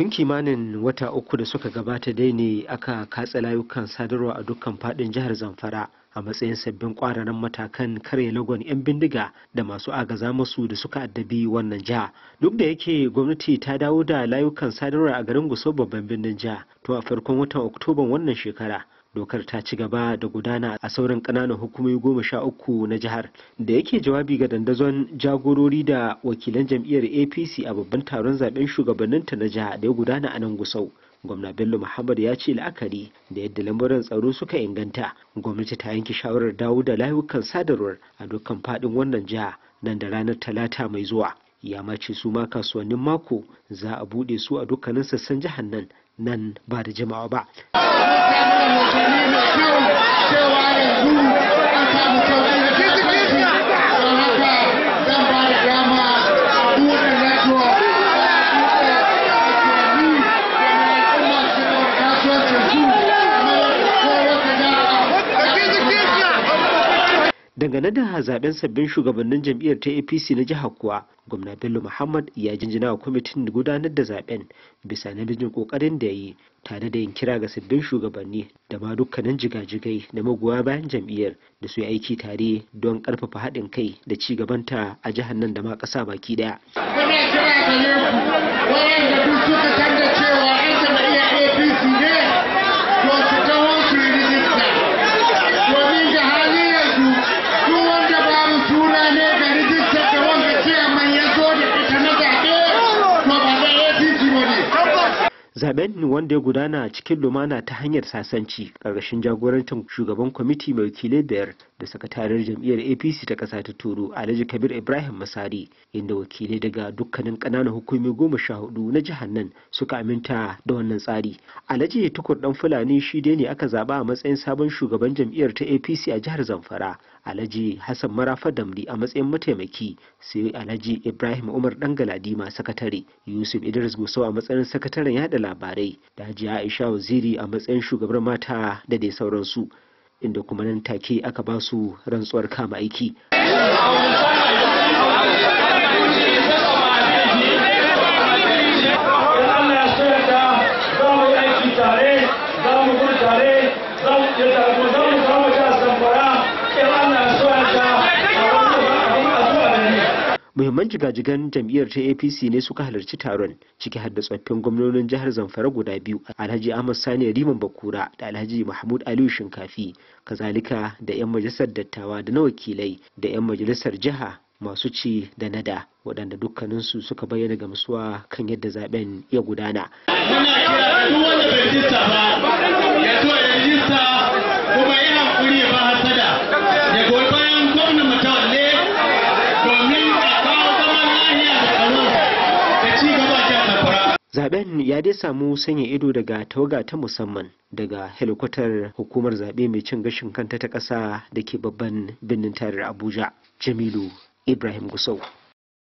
tun kimanin wata uku da suka gabata dai ne aka katse layukan sadarwa a dukkan fadin jihar zamfara a matsayin sabbin kwararan matakan karya lagon 'yan bindiga da masu agaza masu da suka addabi wannan jiha duk da yake gwamnati ta dawo da layukan sadarwa a garin gusau babban birnin jiha to a farkon watan oktoban wannan shekara dokar ta ci gaba da gudana a sauran ƙananan hukumomi goma sha uku na jihar da yake jawabi ga dandazon jagorori da wakilan jam'iyyar apc a babban taron zaben shugabanninta na jiha da ya gudana a nan gusau gwamna bello muhammad ya ce la'akari da yadda lamuran tsaro suka inganta gwamnati ta yanke shawarar dawo da layukan sadarwar a dukkan faɗin wannan jiha nan da ranar talata mai zuwa ya mace su ma kasuwannin mako za a buɗe su a dukkanin sassan jihar nan nan ba da jama'a ba. dangane da zaben sabbin shugabannin jam'iyyar ta apc na jihar kuwa gwamna bello muhammad ya jinjina wa kwamitin gudanar da zaben bisa na namijin kokarin da ya yi tare da yin kira ga sabbin shugabanni da ma dukkanin jigajigai na magoya bayan jam'iyyar da su yi aiki tare don karfafa haɗin kai da ci gabanta a jihar nan da ma ƙasa baki ɗaya. zaben wanda ya gudana a cikin lumana ta hanyar sasanci ƙarƙashin jagorantar shugaban kwamiti mai wakilai biyar da sakataren jam'iyyar apc ta ƙasa ta turo alhaji kabir ibrahim masari inda wakilai daga dukkanin ƙananan hukumi goma sha hudu na jihar nan suka aminta da wannan tsari alhaji tukur dan fulani shi dai ne aka zaba a matsayin sabon shugaban jam'iyyar ta apc a jihar zamfara alhaji hassan marafa damri a matsayin mataimaki sai alhaji ibrahim umar dangaladi galadima sakatare yusuf idris gusau a matsayin sakataren yada labarai da Haji aisha waziri a matsayin shugabar mata da dai sauransu inda kuma nan take aka ba su rantsuwar kama aiki muhimman jigajigan jam'iyyar ta apc ne suka halarci taron ciki har da tsoffin gwamnonin jihar zamfara guda biyu alhaji ahmad sani riman bakura da alhaji mahmud aliyu shinkafi kazalika da 'yan majalisar dattawa da na wakilai da 'yan majalisar jiha masu ci da nada waɗanda dukkaninsu suka bayyana gamsuwa kan yadda zaben ya gudana. kuma ya ba zaben ya dai samu sanya ido daga tawaga ta musamman daga helikwatar hukumar zaɓe mai cin gashin kanta ta ƙasa da ke babban birnin tarar abuja jamilu ibrahim gusau